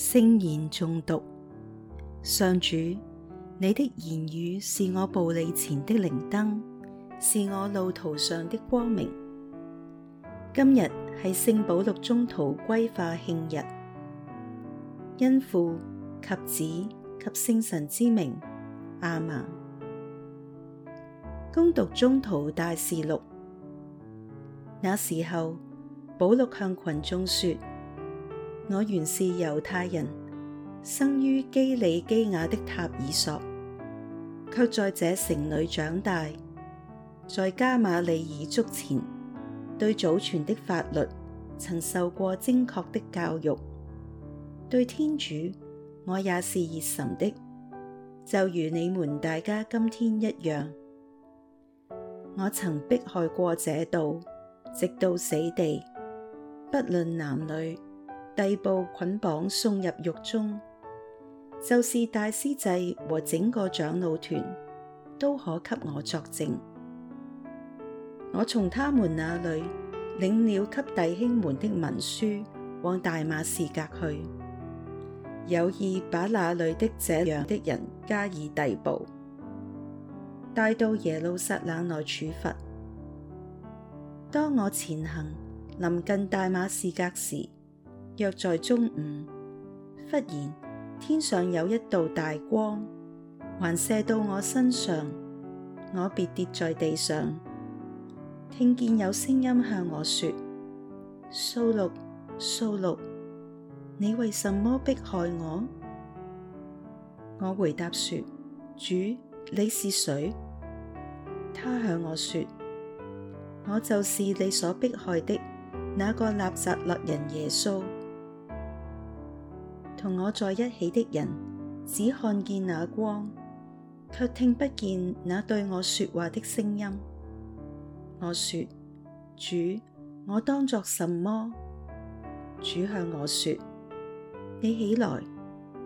聖言誦讀，上主，你的言語是我步履前的靈燈，是我路途上的光明。今日係聖保禄宗徒歸化慶日，因父及子及聖神之名，亞孟。恭讀宗徒大事錄。那時候，保禄向群眾說。我原是猶太人，生於基里基雅的塔爾索，卻在這城裏長大，在加瑪里耳足前，對祖傳的法律，曾受過精確的教育，對天主我也是熱忱的，就如你們大家今天一樣。我曾迫害過這道，直到死地，不論男女。逮捕，捆綁送入獄中，就是大司祭和整個長老團都可給我作證。我從他們那裏領了給弟兄們的文書，往大馬士革去，有意把那裏的這樣的人加以逮捕，帶到耶路撒冷來處罰。當我前行臨近大馬士革時，約在中午，忽然天上有一道大光，環射到我身上，我便跌在地上。聽見有聲音向我說：掃祿，掃祿，uc, uc, 你為什麼迫害我？我回答說：主，你是誰？他向我說：我就是你所迫害的那個納匝肋人耶穌。同我在一起的人只看見那光，却聽不見那對我說話的聲音。我說：主，我當作什麼？主向我說：你起來，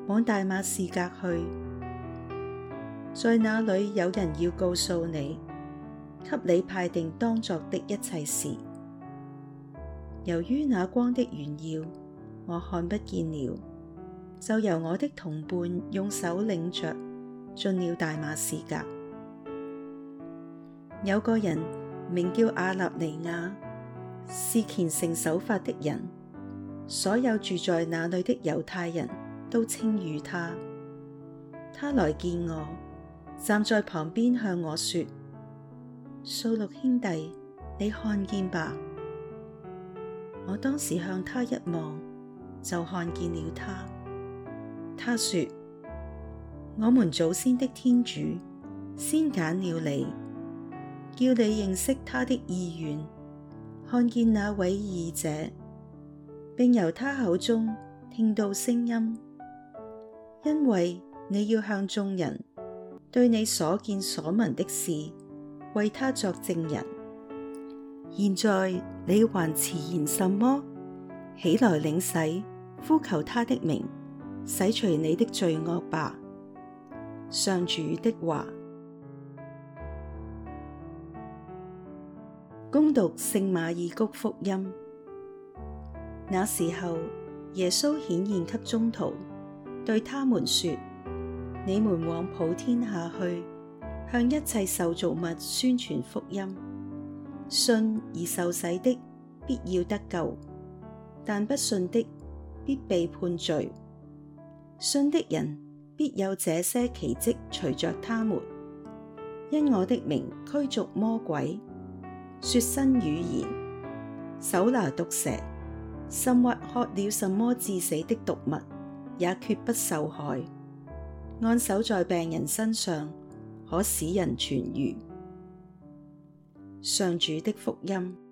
往大馬士革去，在那裏有人要告訴你，給你派定當作的一切事。由於那光的炫耀，我看不見了。就由我的同伴用手領著，進了大馬士革。有個人名叫阿納尼雅，是虔誠守法的人，所有住在那裏的猶太人都稱譽他。他來見我，站在旁邊向我說：「掃祿兄弟，你看見吧！」我當時向他一望，就看見了他。他說：我們祖先的天主，先揀了你，叫你認識他的意願，看見那位義者，並由他口中聽到聲音，因為你要向眾人，對你所見所聞的事，為他作證人。現在你還遲延什麼？起來，領洗，呼求他的名。洗除你的罪惡吧，上主的話。恭讀聖馬爾谷福音。那時候，耶穌顯現給宗徒，對他們說：你們往普天下去，向一切受造物宣傳福音。信而受洗的，必要得救；但不信的，必被判罪。信的人必有這些奇蹟隨着他們，因我的名驅逐魔鬼，説新語言，手拿毒蛇，甚或喝了什麼致死的毒物，也決不受害。按手在病人身上，可使人痊愈。上主的福音。